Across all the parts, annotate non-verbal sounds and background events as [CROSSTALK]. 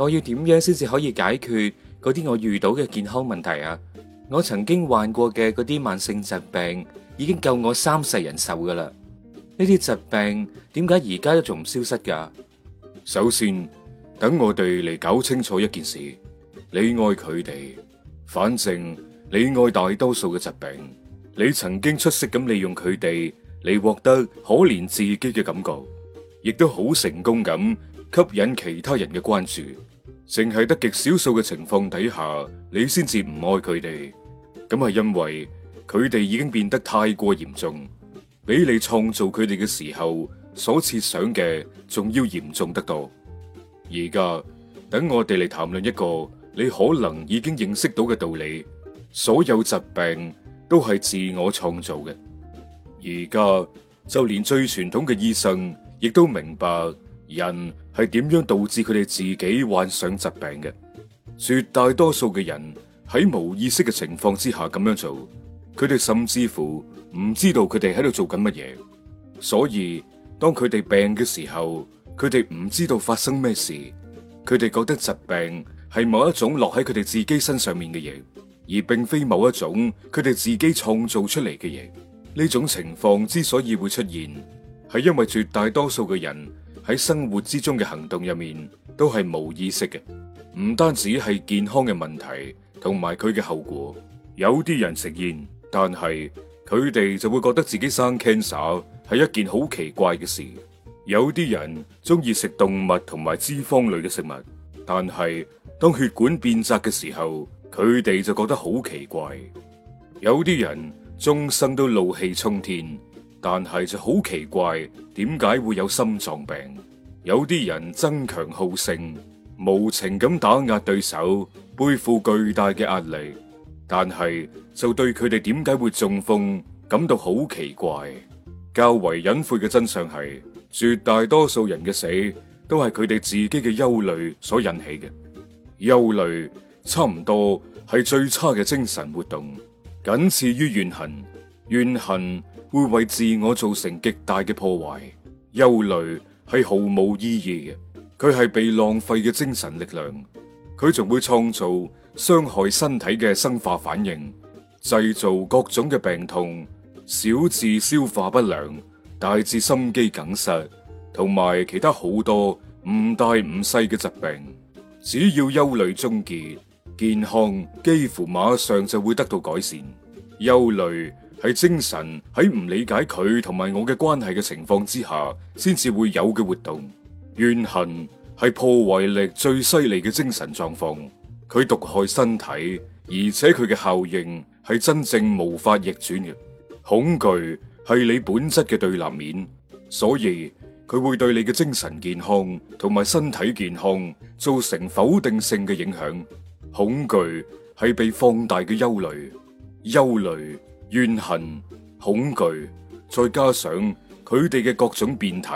我要點樣先至可以解決嗰啲我遇到嘅健康問題啊？我曾經患過嘅嗰啲慢性疾病已經夠我三世人受噶啦！呢啲疾病點解而家都仲唔消失噶？首先，等我哋嚟搞清楚一件事：你愛佢哋，反正你愛大多數嘅疾病，你曾經出色咁利用佢哋嚟獲得可憐自己嘅感覺，亦都好成功咁吸引其他人嘅關注。淨係得極少數嘅情況底下，你先至唔愛佢哋，咁係因為佢哋已經變得太過嚴重，比你創造佢哋嘅時候所設想嘅仲要嚴重得多。而家等我哋嚟談論一個你可能已經認識到嘅道理：所有疾病都係自我創造嘅。而家就連最傳統嘅醫生亦都明白人。係點樣導致佢哋自己患上疾病嘅？絕大多數嘅人喺冇意識嘅情況之下咁樣做，佢哋甚至乎唔知道佢哋喺度做緊乜嘢。所以當佢哋病嘅時候，佢哋唔知道發生咩事，佢哋覺得疾病係某一種落喺佢哋自己身上面嘅嘢，而並非某一種佢哋自己創造出嚟嘅嘢。呢種情況之所以會出現，係因為絕大多數嘅人。喺生活之中嘅行動入面，都係冇意識嘅。唔單止係健康嘅問題，同埋佢嘅後果。有啲人食煙，但係佢哋就會覺得自己生 cancer 係一件好奇怪嘅事。有啲人中意食動物同埋脂肪類嘅食物，但係當血管變窄嘅時候，佢哋就覺得好奇怪。有啲人終生都怒氣沖天。但係就好奇怪，點解會有心臟病？有啲人爭強好勝，無情咁打壓對手，背負巨大嘅壓力，但係就對佢哋點解會中風感到好奇怪。較為隱晦嘅真相係，絕大多數人嘅死都係佢哋自己嘅憂慮所引起嘅。憂慮差唔多係最差嘅精神活動，僅次於怨恨，怨恨。會為自我造成極大嘅破壞，憂慮係毫無意義嘅，佢係被浪費嘅精神力量，佢仲會創造傷害身體嘅生化反應，製造各種嘅病痛，小至消化不良，大至心肌梗塞，同埋其他好多唔大唔細嘅疾病。只要憂慮終結，健康幾乎馬上就會得到改善。憂慮。係精神喺唔理解佢同埋我嘅關係嘅情況之下，先至會有嘅活動。怨恨係破壞力最犀利嘅精神狀況，佢毒害身體，而且佢嘅效應係真正無法逆轉嘅。恐懼係你本質嘅對立面，所以佢會對你嘅精神健康同埋身體健康造成否定性嘅影響。恐懼係被放大嘅憂慮，憂慮。怨恨、恐懼，再加上佢哋嘅各種變體、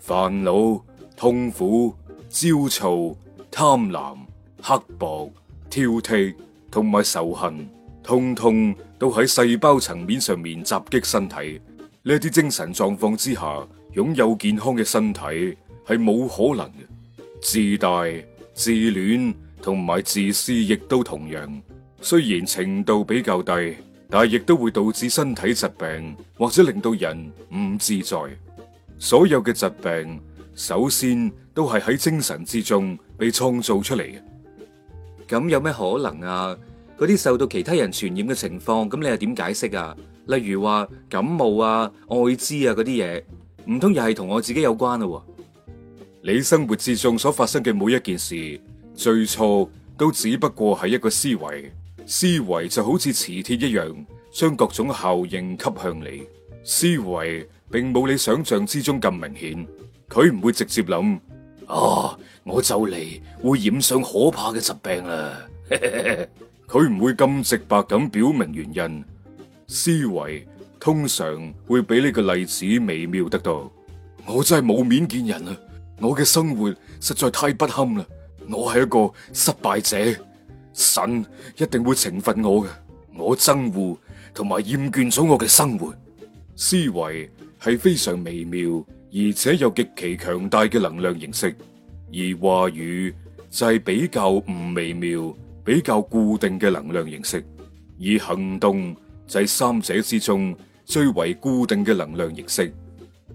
煩惱、痛苦、焦躁、貪婪、刻薄、挑剔，同埋仇恨，通通都喺細胞層面上面襲擊身體。呢啲精神狀況之下，擁有健康嘅身體係冇可能。自大、自戀同埋自私，亦都同樣，雖然程度比較低。但係亦都會導致身體疾病，或者令到人唔自在。所有嘅疾病，首先都係喺精神之中被創造出嚟嘅。咁有咩可能啊？嗰啲受到其他人傳染嘅情況，咁你又點解釋啊？例如話感冒啊、艾滋啊嗰啲嘢，唔通又係同我自己有關咯、啊？你生活之中所發生嘅每一件事，最初都只不過係一個思維。思維就好似磁鐵一樣，將各種效應吸向你。思維並冇你想象之中咁明顯，佢唔會直接諗啊，我就嚟會染上可怕嘅疾病啦。佢 [LAUGHS] 唔會咁直白咁表明原因。思維通常會比呢個例子微妙得多。我真係冇面見人啦，我嘅生活實在太不堪啦，我係一個失敗者。神一定會懲罰我嘅。我憎惡同埋厭倦咗我嘅生活。思維係非常微妙，而且有極其強大嘅能量形式；而話語就係比較唔微妙，比較固定嘅能量形式；而行動就係三者之中最為固定嘅能量形式。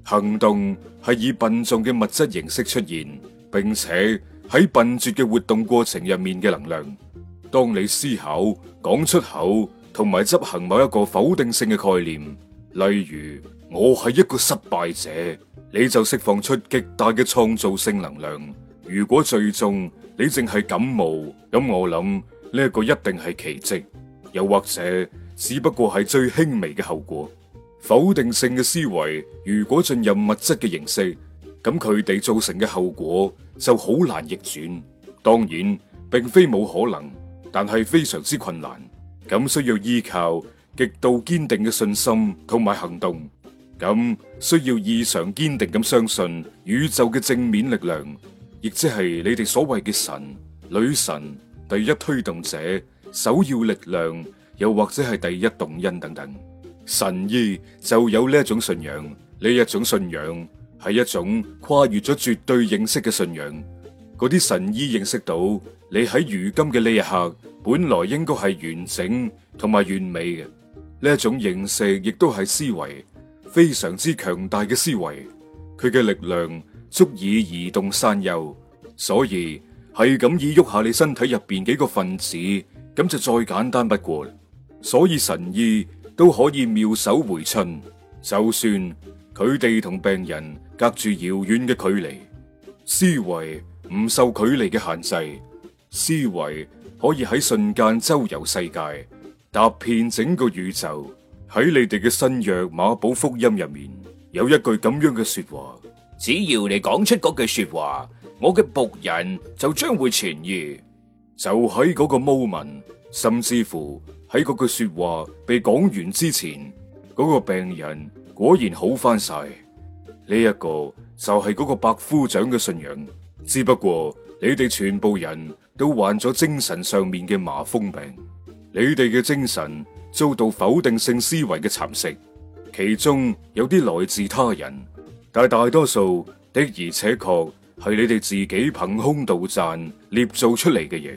行動係以笨重嘅物質形式出現，並且喺笨拙嘅活動過程入面嘅能量。當你思考、講出口同埋執行某一個否定性嘅概念，例如我係一個失敗者，你就釋放出極大嘅創造性能量。如果最終你淨係感冒，咁我諗呢個一定係奇跡，又或者只不過係最輕微嘅後果。否定性嘅思維如果進入物質嘅形式，咁佢哋造成嘅後果就好難逆轉。當然，並非冇可能。但係非常之困難，咁需要依靠極度堅定嘅信心同埋行動，咁需要異常堅定咁相信宇宙嘅正面力量，亦即係你哋所謂嘅神、女神、第一推動者、首要力量，又或者係第一動因等等。神醫就有呢一種信仰，呢一種信仰係一種跨越咗絕對認識嘅信仰。嗰啲神醫認識到你喺如今嘅呢一刻，本來應該係完整同埋完美嘅。呢一種認識，亦都係思維非常之強大嘅思維，佢嘅力量足以移動山丘，所以係咁，以喐下你身體入邊幾個分子，咁就再簡單不過啦。所以神醫都可以妙手回春，就算佢哋同病人隔住遙遠嘅距離，思維。唔受距離嘅限制，思維可以喺瞬間周遊世界，踏遍整個宇宙。喺你哋嘅新約馬寶福音入面，有一句咁樣嘅說話：只要你講出嗰句說話，我嘅僕人就將會痊愈。就喺嗰個 moment，甚至乎喺嗰句說話被講完之前，嗰個病人果然好翻晒。呢一個就係嗰個百夫長嘅信仰。只不過你哋全部人都患咗精神上面嘅麻風病，你哋嘅精神遭到否定性思維嘅蠶食，其中有啲來自他人，但大多數的而且確係你哋自己憑空杜撰捏造出嚟嘅嘢。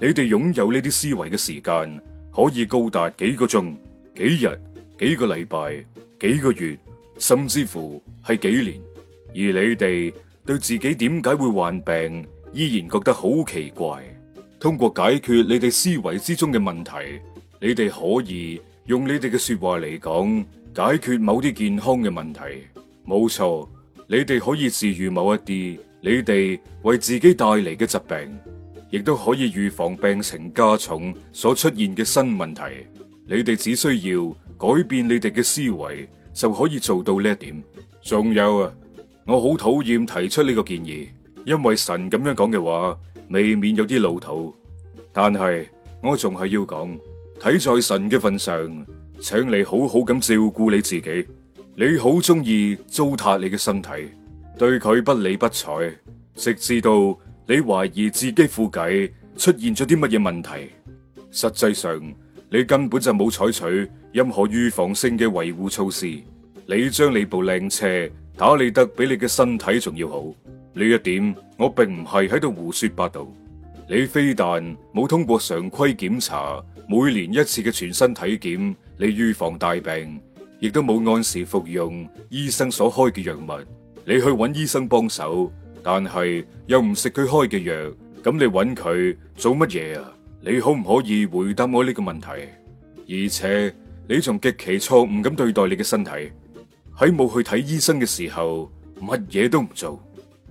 你哋擁有呢啲思維嘅時間可以高達幾個鐘、幾日、幾個禮拜、幾個月，甚至乎係幾年，而你哋，對自己點解會患病，依然覺得好奇怪。通過解決你哋思維之中嘅問題，你哋可以用你哋嘅說話嚟講解決某啲健康嘅問題。冇錯，你哋可以治癒某一啲，你哋為自己帶嚟嘅疾病，亦都可以預防病情加重所出現嘅新問題。你哋只需要改變你哋嘅思維就可以做到呢一點。仲有啊。我好討厭提出呢個建議，因為神咁樣講嘅話，未免有啲老土。但係我仲係要講，睇在神嘅份上，請你好好咁照顧你自己。你好中意糟蹋你嘅身體，對佢不理不睬，直至到你懷疑自己副計出現咗啲乜嘢問題。實際上，你根本就冇採取任何預防性嘅維護措施。你將你部靚車打理得比你嘅身體仲要好，呢一點我並唔係喺度胡說八道。你非但冇通過常規檢查、每年一次嘅全身體檢，你預防大病，亦都冇按時服用醫生所開嘅藥物。你去揾醫生幫手，但係又唔食佢開嘅藥，咁你揾佢做乜嘢啊？你可唔可以回答我呢個問題？而且你仲極其錯誤咁對待你嘅身體。喺冇去睇醫生嘅時候，乜嘢都唔做。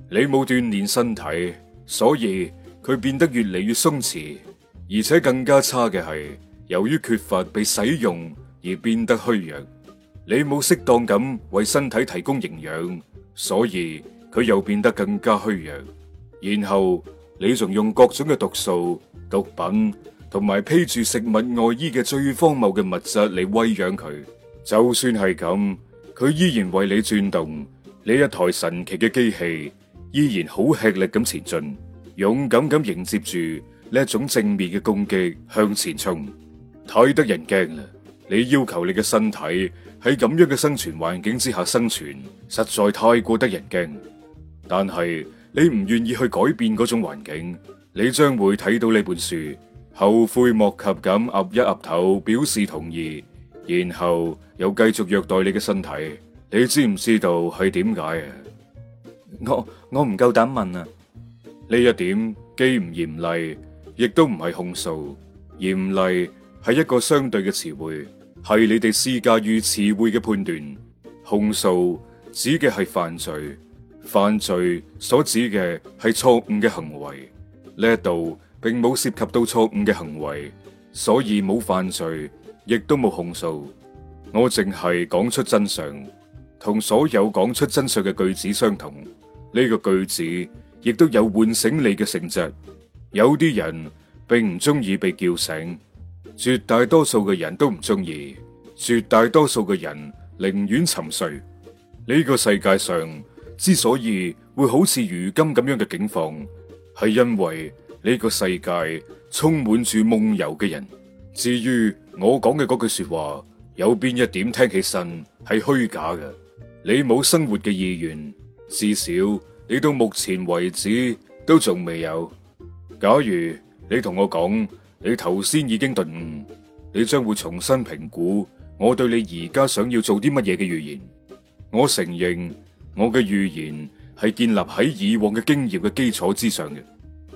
你冇鍛煉身體，所以佢變得越嚟越鬆弛，而且更加差嘅係，由於缺乏被使用而變得虛弱。你冇適當咁為身體提供營養，所以佢又變得更加虛弱。然後你仲用各種嘅毒素、毒品同埋披住食物外衣嘅最荒謬嘅物質嚟喂養佢，就算係咁。佢依然為你轉動呢一台神奇嘅機器，依然好吃力咁前進，勇敢咁迎接住呢一種正面嘅攻擊，向前衝，太得人驚啦！你要求你嘅身體喺咁樣嘅生存環境之下生存，實在太過得人驚。但係你唔願意去改變嗰種環境，你將會睇到呢本書，後悔莫及咁岌一岌頭，表示同意。然後又繼續虐待你嘅身體，你知唔知道係點解啊？我我唔夠膽問啊！呢一點既唔嚴厲，亦都唔係控訴。嚴厲係一個相對嘅詞彙，係你哋施加於詞彙嘅判斷。控訴指嘅係犯罪，犯罪所指嘅係錯誤嘅行為。呢一度並冇涉及到錯誤嘅行為，所以冇犯罪。亦都冇控訴，我淨係講出真相，同所有講出真相嘅句子相同。呢個句子亦都有喚醒你嘅性質。有啲人並唔中意被叫醒，絕大多數嘅人都唔中意，絕大多數嘅人寧願沉睡。呢個世界上之所以會好似如今咁樣嘅境況，係因為呢個世界充滿住夢遊嘅人。至於，我講嘅嗰句說話有邊一點聽起身係虛假嘅？你冇生活嘅意願，至少你到目前為止都仲未有。假如你同我講你頭先已經頓悟，你將會重新評估我對你而家想要做啲乜嘢嘅預言。我承認我嘅預言係建立喺以往嘅經驗嘅基礎之上嘅。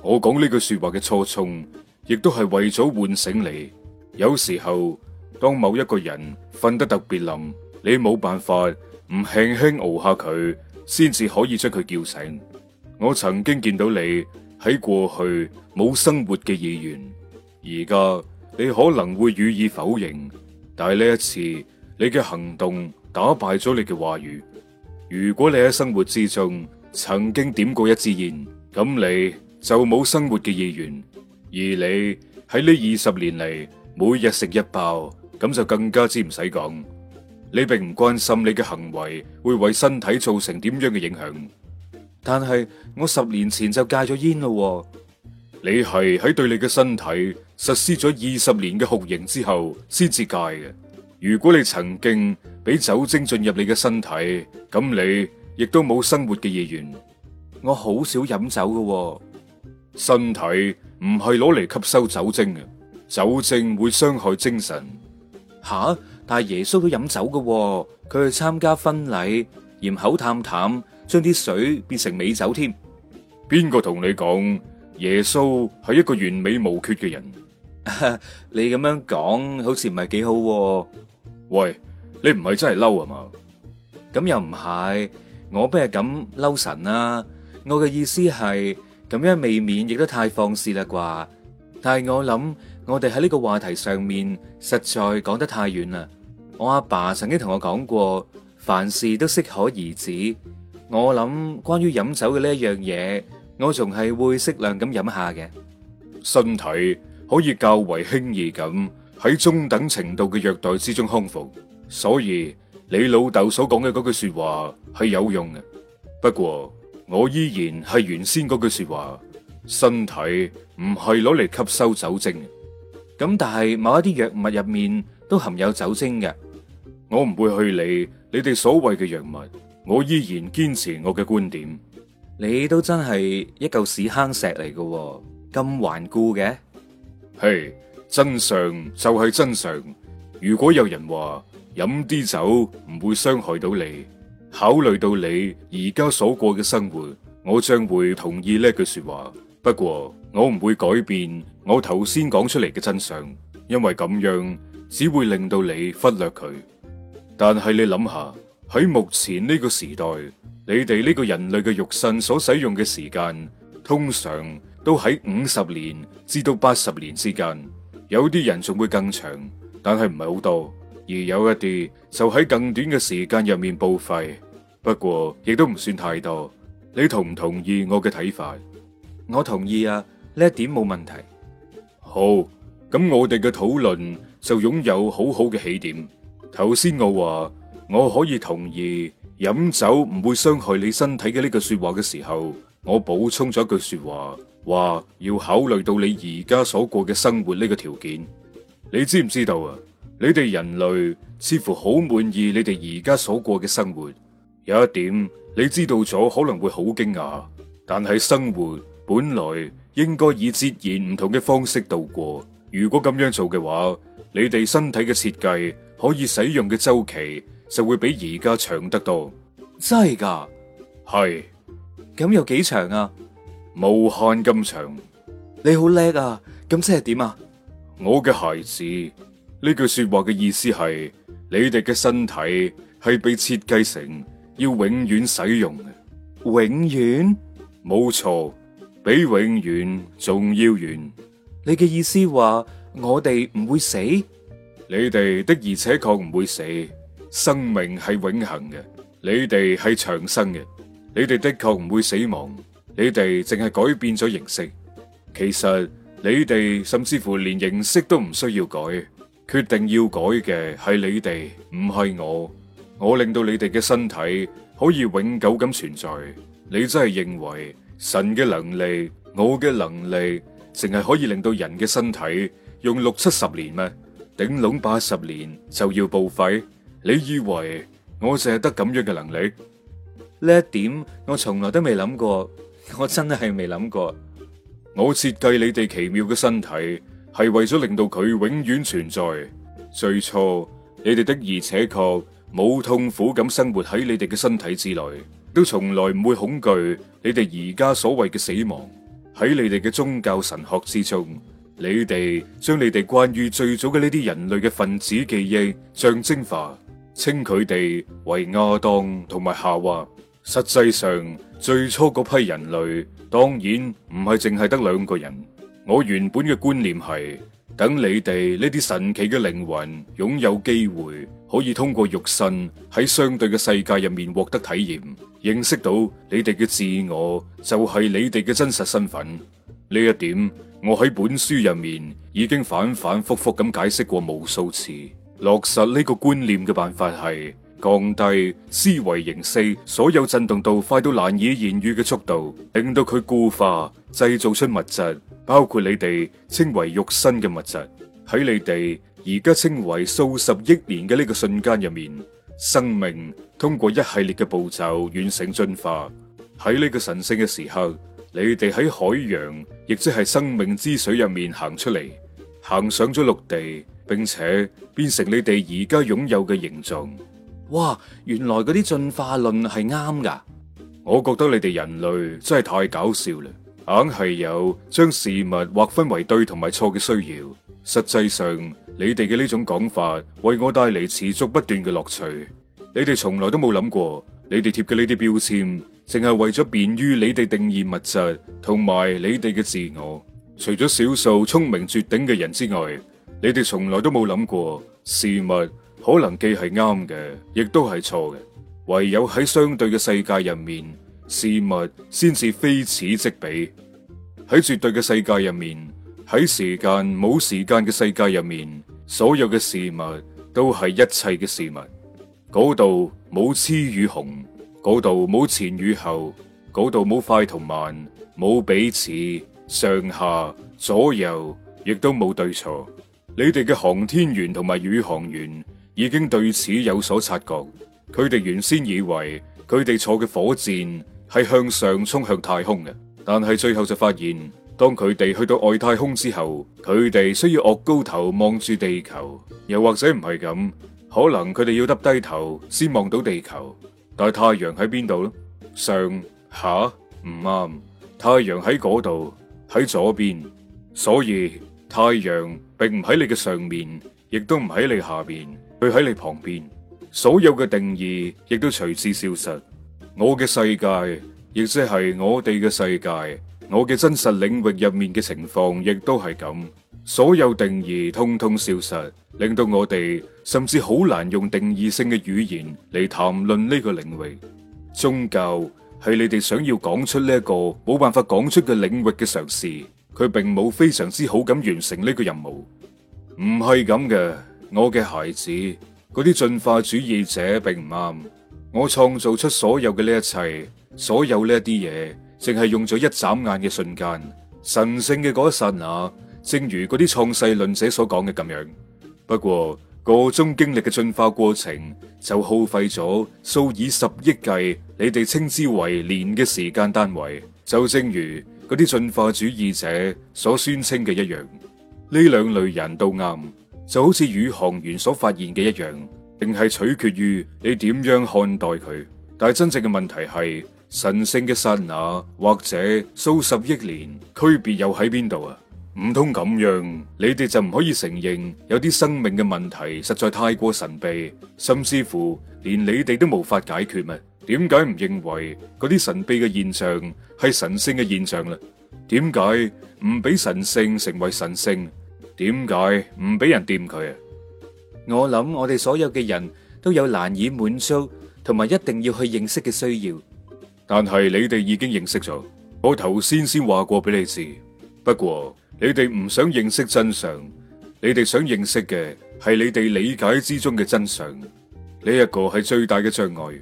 我講呢句說話嘅初衷，亦都係為咗喚醒你。有時候，當某一個人瞓得特別冧，你冇辦法唔輕輕熬下佢，先至可以將佢叫醒。我曾經見到你喺過去冇生活嘅意願，而家你可能會予以否認，但係呢一次你嘅行動打敗咗你嘅話語。如果你喺生活之中曾經點過一支煙，咁你就冇生活嘅意願。而你喺呢二十年嚟。每日食一包，咁就更加之唔使講。你並唔關心你嘅行為會為身體造成點樣嘅影響。但係我十年前就戒咗煙咯。你係喺對你嘅身體實施咗二十年嘅酷刑之後先至戒嘅。如果你曾經俾酒精進入你嘅身體，咁你亦都冇生活嘅意願。我好少飲酒㗎喎，身體唔係攞嚟吸收酒精嘅。酒精會傷害精神吓、啊，但係耶穌都飲酒噶、哦，佢去參加婚禮，嫌口淡淡，將啲水變成美酒添。邊個同你講耶穌係一個完美無缺嘅人？啊、你咁樣講好似唔係幾好、啊。喂，你唔係真係嬲啊嘛？咁又唔係，我不係咁嬲神啦、啊。我嘅意思係咁樣，未免亦都太放肆啦啩。但係我諗。我哋喺呢個話題上面實在講得太遠啦。我阿爸曾經同我講過，凡事都適可而止。我諗關於飲酒嘅呢一樣嘢，我仲係會適量咁飲下嘅。身體可以較為輕易咁喺中等程度嘅虐待之中康復，所以你老豆所講嘅嗰句說話係有用嘅。不過我依然係原先嗰句說話：身體唔係攞嚟吸收酒精。咁但係某一啲藥物入面都含有酒精嘅。我唔會去理你哋所謂嘅藥物，我依然堅持我嘅觀點。你都真係一嚿屎坑石嚟嘅，咁頑固嘅？嘿，Hey，真相就係真相。如果有人話飲啲酒唔會傷害到你，考慮到你而家所過嘅生活，我將會同意呢句說話。不過我唔會改變。我頭先講出嚟嘅真相，因為咁樣只會令到你忽略佢。但係你諗下，喺目前呢個時代，你哋呢個人類嘅肉身所使用嘅時間，通常都喺五十年至到八十年之間，有啲人仲會更長，但係唔係好多。而有一啲就喺更短嘅時間入面報廢，不過亦都唔算太多。你同唔同意我嘅睇法？我同意啊，呢一點冇問題。好，咁我哋嘅討論就擁有好好嘅起點。頭先我話我可以同意飲酒唔會傷害你身體嘅呢句說話嘅時候，我補充咗一句說話，話要考慮到你而家所過嘅生活呢個條件。你知唔知道啊？你哋人類似乎好滿意你哋而家所過嘅生活。有一點你知道咗可能會好驚訝，但係生活本來……應該以截然唔同嘅方式度過。如果咁樣做嘅話，你哋身體嘅設計可以使用嘅周期就會比而家長得多。真係噶？係是。咁有幾長啊？無限咁長。你好叻啊！咁即係點啊？我嘅孩子，呢句說話嘅意思係，你哋嘅身體係被設計成要永遠使用嘅。永遠？冇錯。比永遠仲要遠。你嘅意思話我哋唔會死？你哋的而且確唔會死。生命係永恆嘅，你哋係長生嘅。你哋的確唔會死亡，你哋淨係改變咗形式。其實你哋甚至乎連形式都唔需要改，決定要改嘅係你哋，唔係我。我令到你哋嘅身體可以永久咁存在。你真係認為？神嘅能力，我嘅能力，淨係可以令到人嘅身體用六七十年咩？頂籠八十年就要報廢？你以為我淨係得咁樣嘅能力？呢一點我從來都未諗過，我真係未諗過。我設計你哋奇妙嘅身體，係為咗令到佢永遠存在。最初你哋的而且確冇痛苦咁生活喺你哋嘅身體之內。都從來唔會恐懼你哋而家所謂嘅死亡。喺你哋嘅宗教神學之中，你哋將你哋關於最早嘅呢啲人類嘅分子記憶象徵化，稱佢哋為亞當同埋夏娃。實際上，最初嗰批人類當然唔係淨係得兩個人。我原本嘅觀念係等你哋呢啲神奇嘅靈魂擁有機會。可以通過肉身喺相對嘅世界入面獲得體驗，認識到你哋嘅自我就係你哋嘅真實身份。呢一點，我喺本書入面已經反反复复咁解釋過無數次。落實呢個觀念嘅辦法係降低思維形式，所有震動度快到難以言喻嘅速度，令到佢固化，製造出物質，包括你哋稱為肉身嘅物質。喺你哋而家稱為數十億年嘅呢個瞬間入面，生命通過一系列嘅步驟完成進化。喺呢個神聖嘅時候，你哋喺海洋，亦即係生命之水入面行出嚟，行上咗陸地，並且變成你哋而家擁有嘅形狀。哇！原來嗰啲進化論係啱噶。我覺得你哋人類真係太搞笑啦～硬係有將事物劃分為對同埋錯嘅需要。實際上，你哋嘅呢種講法為我帶嚟持續不斷嘅樂趣。你哋從來都冇諗過，你哋貼嘅呢啲標籤，淨係為咗便於你哋定義物質同埋你哋嘅自我。除咗少數聰明絕頂嘅人之外，你哋從來都冇諗過，事物可能既係啱嘅，亦都係錯嘅。唯有喺相對嘅世界入面。事物先至非此即彼，喺絕對嘅世界入面，喺時間冇時間嘅世界入面，所有嘅事物都係一切嘅事物。嗰度冇黐與紅，嗰度冇前與後，嗰度冇快同慢，冇彼此上下左右，亦都冇對錯。你哋嘅航天員同埋宇航員已經對此有所察覺，佢哋原先以為佢哋坐嘅火箭，係向上衝向太空嘅，但係最後就發現，當佢哋去到外太空之後，佢哋需要岳高頭望住地球，又或者唔係咁，可能佢哋要耷低頭先望到地球。但係太陽喺邊度咧？上下唔啱，太陽喺嗰度喺左邊，所以太陽並唔喺你嘅上面，亦都唔喺你下面，佢喺你旁邊。所有嘅定義亦都隨之消失。我嘅世界，亦即係我哋嘅世界，我嘅真實領域入面嘅情況，亦都係咁。所有定義通通消失，令到我哋甚至好難用定義性嘅語言嚟談論呢個領域。宗教係你哋想要講出呢一個冇辦法講出嘅領域嘅嘗試，佢並冇非常之好咁完成呢個任務。唔係咁嘅，我嘅孩子，嗰啲進化主義者並唔啱。我創造出所有嘅呢一切，所有呢一啲嘢，淨係用咗一眨眼嘅瞬間。神聖嘅嗰一刹那，正如嗰啲創世論者所講嘅咁樣。不過個中經歷嘅進化過程，就耗費咗數以十億計，你哋稱之為年嘅時間單位。就正如嗰啲進化主義者所宣稱嘅一樣，呢兩類人都啱，就好似宇航員所發現嘅一樣。定係取決於你點樣看待佢，但係真正嘅問題係神聖嘅剎那或者數十億年，區別又喺邊度啊？唔通咁樣你哋就唔可以承認有啲生命嘅問題實在太過神秘，甚至乎連你哋都無法解決咩？點解唔認為嗰啲神秘嘅現象係神聖嘅現象啦？點解唔俾神聖成為神聖？點解唔俾人掂佢啊？我諗我哋所有嘅人都有難以滿足同埋一定要去認識嘅需要，但係你哋已經認識咗。我頭先先話過俾你知，不過你哋唔想認識真相，你哋想認識嘅係你哋理解之中嘅真相。呢一個係最大嘅障礙，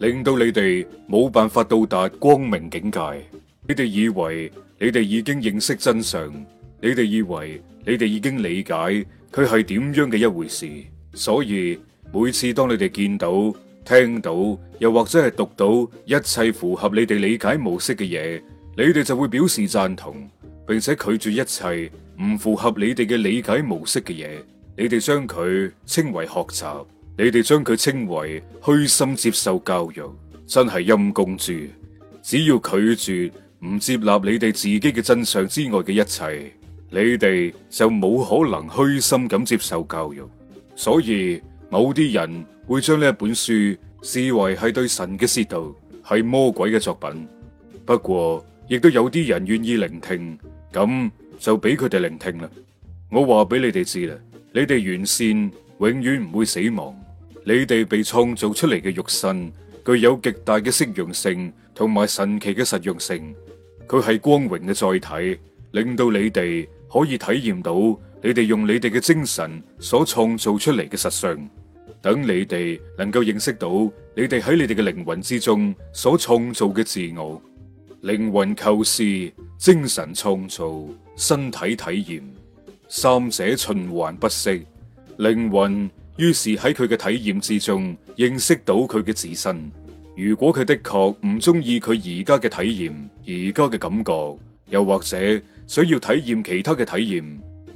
令到你哋冇辦法到達光明境界。你哋以為你哋已經認識真相，你哋以為你哋已經理解。佢係點樣嘅一回事，所以每次當你哋見到、聽到，又或者係讀到一切符合你哋理解模式嘅嘢，你哋就會表示贊同，並且拒絕一切唔符合你哋嘅理解模式嘅嘢。你哋將佢稱為學習，你哋將佢稱為虛心接受教育，真係陰功豬。只要拒絕唔接納你哋自己嘅真相之外嘅一切，你哋就冇可能虛心咁接受教育，所以某啲人會將呢本書視為係對神嘅褻瀆，係魔鬼嘅作品。不過亦都有啲人願意聆聽，咁就俾佢哋聆聽啦。我話俾你哋知啦，你哋完善永遠唔會死亡，你哋被創造出嚟嘅肉身具有極大嘅適用性同埋神奇嘅實用性，佢係光榮嘅載體，令到你哋。可以體驗到你哋用你哋嘅精神所創造出嚟嘅實相，等你哋能夠認識到你哋喺你哋嘅靈魂之中所創造嘅自我。靈魂構思、精神創造、身體體驗，三者循環不息。靈魂於是喺佢嘅體驗之中認識到佢嘅自身。如果佢的確唔中意佢而家嘅體驗，而家嘅感覺，又或者，想要體驗其他嘅體驗，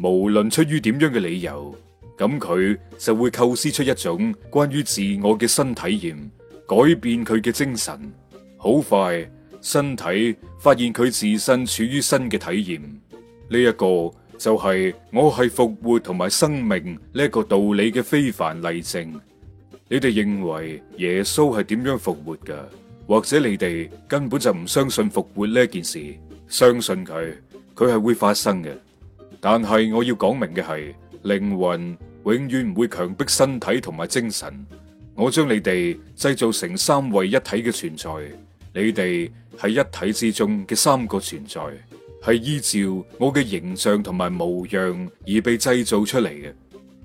無論出於點樣嘅理由，咁佢就會構思出一種關於自我嘅新體驗，改變佢嘅精神。好快，身體發現佢自身處於新嘅體驗，呢一個就係我係復活同埋生命呢個道理嘅非凡例證。你哋認為耶穌係點樣復活噶？或者你哋根本就唔相信復活呢件事？相信佢。佢係會發生嘅，但係我要講明嘅係靈魂永遠唔會強迫身體同埋精神。我將你哋製造成三位一體嘅存在，你哋係一體之中嘅三個存在，係依照我嘅形象同埋模樣而被製造出嚟嘅。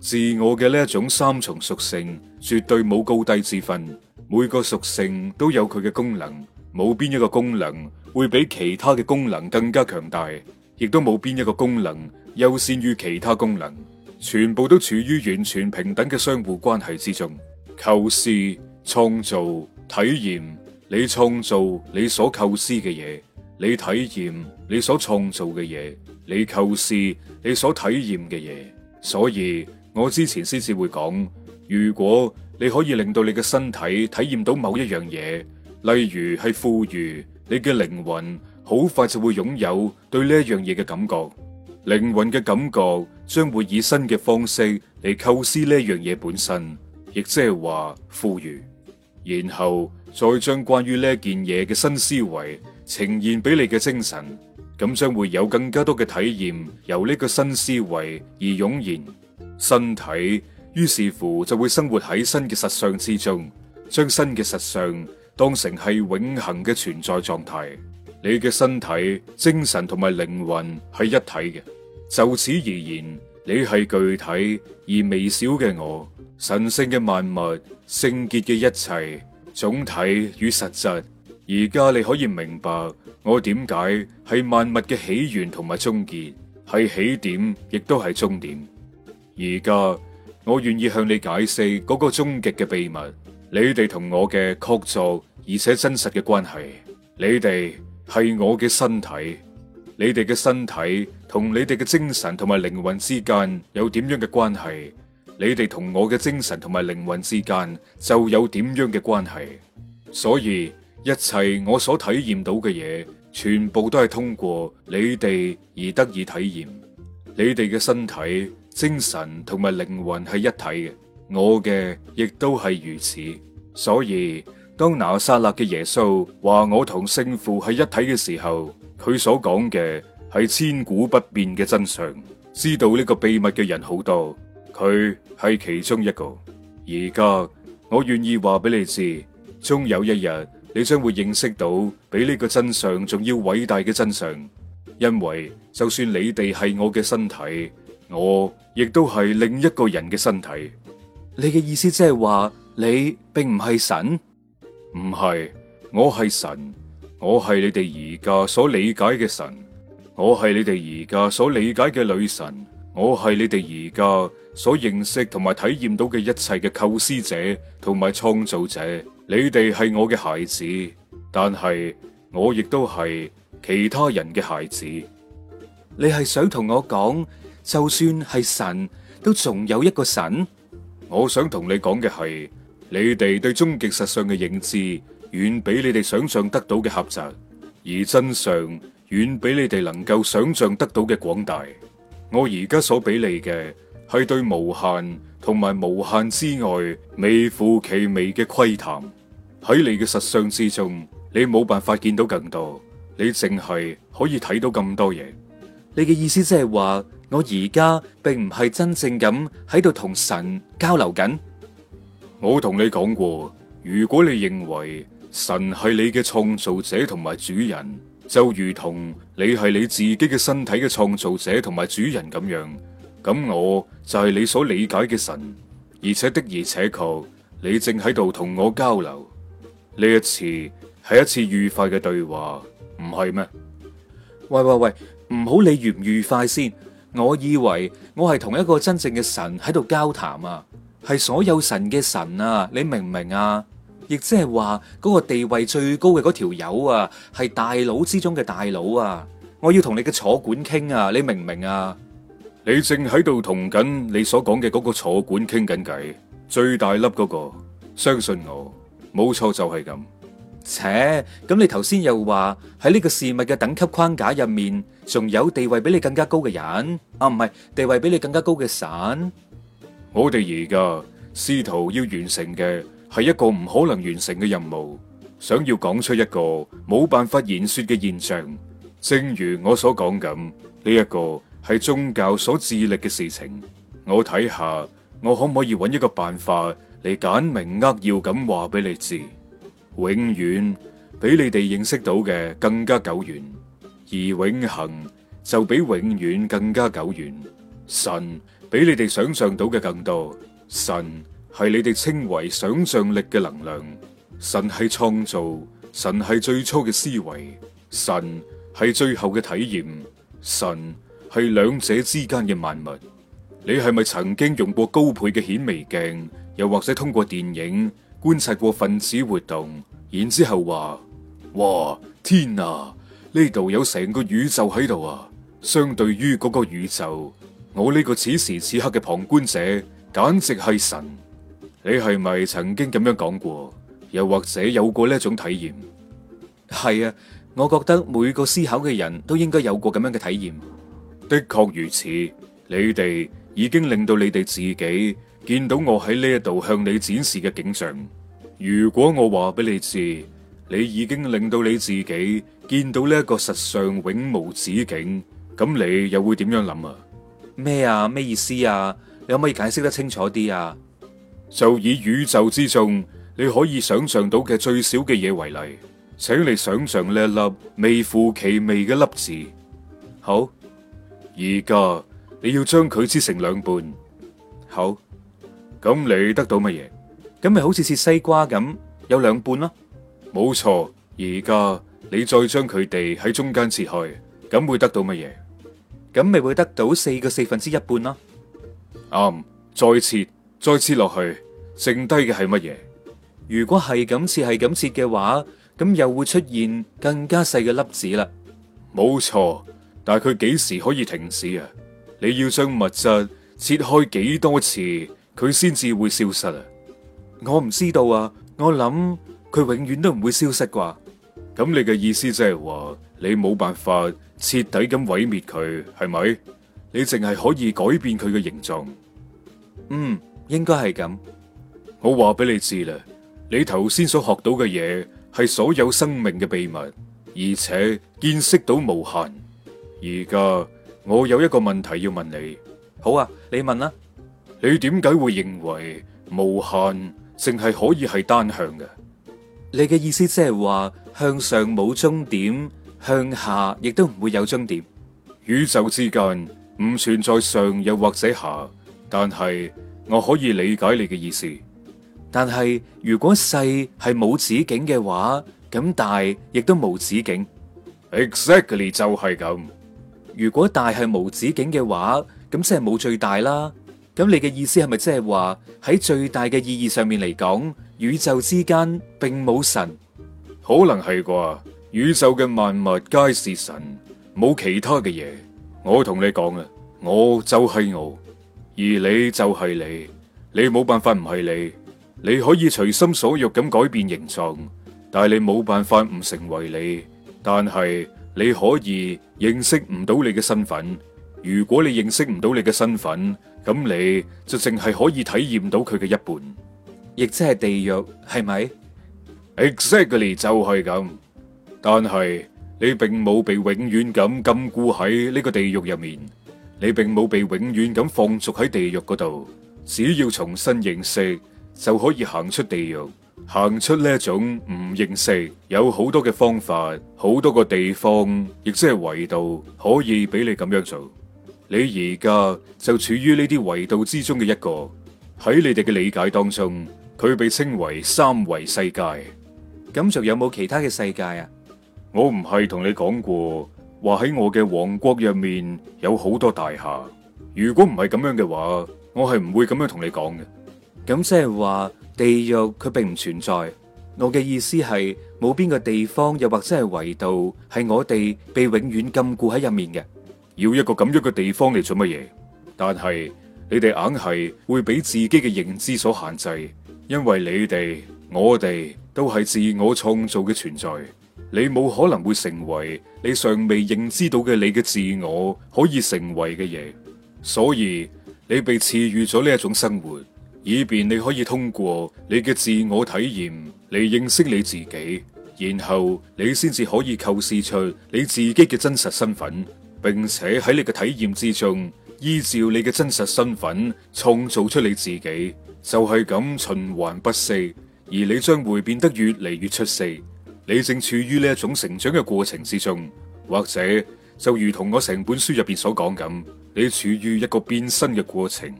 自我嘅呢一種三重屬性絕對冇高低之分，每個屬性都有佢嘅功能，冇邊一個功能會比其他嘅功能更加強大。亦都冇邊一個功能優先於其他功能，全部都處於完全平等嘅相互關係之中。構思、創造、體驗，你創造你所構思嘅嘢，你體驗你所創造嘅嘢，你構思你所體驗嘅嘢。所以，我之前先至會講，如果你可以令到你嘅身體體驗到某一樣嘢，例如係富裕，你嘅靈魂。好快就會擁有對呢一樣嘢嘅感覺，靈魂嘅感覺將會以新嘅方式嚟構思呢一樣嘢本身，亦即係話富裕，然後再將關於呢件嘢嘅新思維呈現俾你嘅精神，咁將會有更加多嘅體驗由呢個新思維而湧現，身體於是乎就會生活喺新嘅實相之中，將新嘅實相當成係永恆嘅存在狀態。你嘅身體、精神同埋靈魂係一體嘅。就此而言，你係具體而微小嘅我，神聖嘅萬物、聖潔嘅一切，總體與實質。而家你可以明白我點解係萬物嘅起源同埋終結，係起點亦都係終點。而家我願意向你解釋嗰個終極嘅秘密，你哋同我嘅確鑿而且真實嘅關係，你哋。係我嘅身體，你哋嘅身體同你哋嘅精神同埋靈魂之間有點樣嘅關係？你哋同我嘅精神同埋靈魂之間就有點樣嘅關係？所以一切我所體驗到嘅嘢，全部都係通過你哋而得以體驗。你哋嘅身體、精神同埋靈魂係一體嘅，我嘅亦都係如此。所以。當拿撒勒嘅耶穌話我同聖父喺一體嘅時候，佢所講嘅係千古不變嘅真相。知道呢個秘密嘅人好多，佢係其中一個。而家我願意話俾你知，終有一日你將會認識到比呢個真相仲要偉大嘅真相。因為就算你哋係我嘅身體，我亦都係另一個人嘅身體。你嘅意思即係話你並唔係神？唔係，我係神，我係你哋而家所理解嘅神，我係你哋而家所理解嘅女神，我係你哋而家所認識同埋體驗到嘅一切嘅構思者同埋創造者。你哋係我嘅孩子，但係我亦都係其他人嘅孩子。你係想同我講，就算係神，都仲有一個神？我想同你講嘅係。你哋對終極實相嘅認知，遠比你哋想象得到嘅狹窄；而真相遠比你哋能夠想象得到嘅廣大。我而家所俾你嘅，係對無限同埋無限之外微乎其微嘅窺探。喺你嘅實相之中，你冇辦法見到更多，你淨係可以睇到咁多嘢。你嘅意思即係話，我而家並唔係真正咁喺度同神交流緊。我同你講過，如果你認為神係你嘅創造者同埋主人，就如同你係你自己嘅身體嘅創造者同埋主人咁樣，咁我就係你所理解嘅神，而且的而且確，你正喺度同我交流，呢一次係一次愉快嘅對話，唔係咩？喂喂喂，唔好你嫌唔愉快先，我以為我係同一個真正嘅神喺度交談啊！係所有神嘅神啊，你明唔明啊？亦即係話嗰個地位最高嘅嗰條友啊，係大佬之中嘅大佬啊！我要同你嘅坐館傾啊，你明唔明啊？你正喺度同緊你所講嘅嗰個坐館傾緊偈，最大粒嗰個，相信我，冇錯就係咁。且咁、呃、你頭先又話喺呢個事物嘅等級框架入面，仲有地位比你更加高嘅人啊？唔係，地位比你更加高嘅神。我哋而家試圖要完成嘅係一個唔可能完成嘅任務，想要講出一個冇辦法言說嘅現象。正如我所講咁，呢一個係宗教所致力嘅事情。我睇下我可唔可以揾一個辦法嚟簡明扼要咁話俾你知，永遠比你哋認識到嘅更加久遠，而永恆就比永遠更加久遠。神，比你哋想象到嘅更多，神係你哋稱為想象力嘅能量，神係創造，神係最初嘅思維，神係最後嘅體驗，神係兩者之間嘅萬物。你係咪曾經用過高倍嘅顯微鏡，又或者通過電影觀察過分子活動，然之後話：哇，天啊，呢度有成個宇宙喺度啊！相對於嗰個宇宙。我呢個此時此刻嘅旁觀者，簡直係神。你係咪曾經咁樣講過？又或者有過呢一種體驗？係啊，我覺得每個思考嘅人都應該有過咁樣嘅體驗。的確如此，你哋已經令到你哋自己見到我喺呢一度向你展示嘅景象。如果我話俾你知，你已經令到你自己見到呢一個實相永無止境，咁你又會點樣諗啊？咩啊？咩意思啊？你可唔可以解釋得清楚啲啊？就以宇宙之中你可以想象到嘅最小嘅嘢為例，請你想象呢粒微乎其微嘅粒子。好，而家你要將佢切成兩半。好，咁你得到乜嘢？咁咪好似切西瓜咁，有兩半咯。冇錯。而家你再將佢哋喺中間切開，咁會得到乜嘢？咁咪會得到四個四分之一半囉。啱、嗯，再切，再切落去，剩低嘅係乜嘢？如果係咁切，係咁切嘅話，咁又會出現更加細嘅粒子啦。冇錯，但係佢幾時可以停止啊？你要將物質切開幾多次，佢先至會消失啊？我唔知道啊，我諗佢永遠都唔會消失啩。咁你嘅意思即係話你冇辦法？徹底咁毀滅佢係咪？你淨係可以改變佢嘅形狀。嗯，應該係咁。我話俾你知啦，你頭先所學到嘅嘢係所有生命嘅秘密，而且見識到無限。而家我有一個問題要問你。好啊，你問啦。你點解會認為無限淨係可以係單向嘅？你嘅意思即係話向上冇終點？向下亦都唔會有終點，宇宙之間唔存在上又或者下，但係我可以理解你嘅意思。但係如果細係冇止境嘅話，咁大亦都冇止境。Exactly 就係咁。如果大係冇止境嘅話，咁即係冇最大啦。咁你嘅意思係咪即係話喺最大嘅意義上面嚟講，宇宙之間並冇神？可能係啩？宇宙嘅萬物皆是神，冇其他嘅嘢。我同你講啦，我就係我，而你就係你，你冇辦法唔係你。你可以隨心所欲咁改變形狀，但係你冇辦法唔成為你。但係你可以認識唔到你嘅身份。如果你認識唔到你嘅身份，咁你就淨係可以體驗到佢嘅一半，亦即係地獄，係咪？Exactly，就係咁。但係你並冇被永遠咁禁錮喺呢個地獄入面，你並冇被永遠咁放逐喺地獄嗰度。只要重新認識，就可以行出地獄，行出呢一種唔認識。有好多嘅方法，好多個地方，亦即係維度，可以俾你咁樣做。你而家就處於呢啲維度之中嘅一個。喺你哋嘅理解當中，佢被稱為三維世界。咁仲有冇其他嘅世界啊？我唔係同你講過，話喺我嘅王國入面有好多大廈。如果唔係咁樣嘅話，我係唔會咁樣同你講嘅。咁即係話，地獄佢並唔存在。我嘅意思係，冇邊個地方又或者係維度係我哋被永遠禁錮喺入面嘅。要一個咁樣嘅地方嚟做乜嘢？但係你哋硬係會俾自己嘅認知所限制，因為你哋我哋都係自我創造嘅存在。你冇可能會成為你尚未認知到嘅你嘅自我可以成為嘅嘢，所以你被賜予咗呢一種生活，以便你可以通過你嘅自我體驗嚟認識你自己，然後你先至可以構思出你自己嘅真實身份，並且喺你嘅體驗之中，依照你嘅真實身份創造出你自己，就係、是、咁循環不息，而你將會變得越嚟越出色。你正處於呢一種成長嘅過程之中，或者就如同我成本書入邊所講咁，你處於一個變身嘅過程。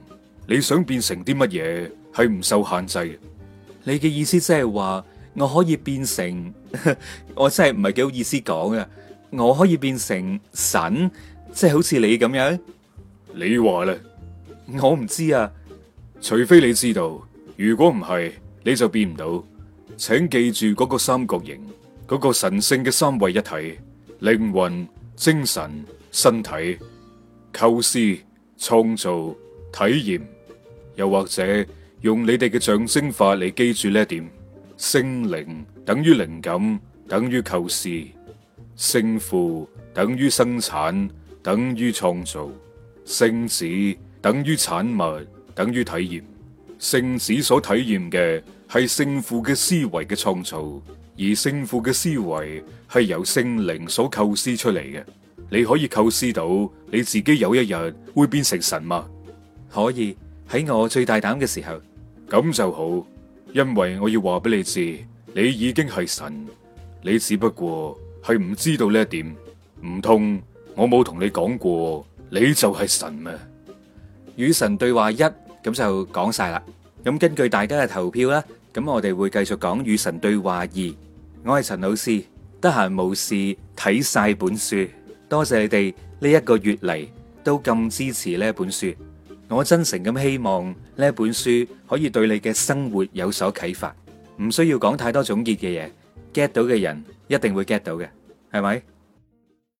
你想變成啲乜嘢係唔受限制？你嘅意思即係話我可以變成，我真係唔係幾好意思講啊，我可以變成神，即係好似你咁樣？你話咧，我唔知啊，除非你知道，如果唔係，你就變唔到。請記住嗰個三角形，嗰、嗰個神聖嘅三位一體：靈魂、精神、身體。構思、創造、體驗，又或者用你哋嘅象徵法嚟記住呢一點。聖靈等於靈感，等於構思；聖父等於生產，等於創造；聖子等於產物，等於體驗。聖子所體驗嘅。係聖父嘅思維嘅創造，而聖父嘅思維係由聖靈所構思出嚟嘅。你可以構思到你自己有一日會變成神嗎？可以，喺我最大膽嘅時候，咁就好，因為我要話俾你知，你已經係神，你只不過係唔知道呢一點。唔通我冇同你講過，你就係神咩？與神對話一，咁就講晒啦。咁根據大家嘅投票啦，咁我哋會繼續講《與神對話二》，我係陳老師，得閒無事睇晒本書，多謝你哋呢一個月嚟都咁支持呢本書，我真誠咁希望呢本書可以對你嘅生活有所啟發，唔需要講太多總結嘅嘢，get 到嘅人一定會 get 到嘅，係咪？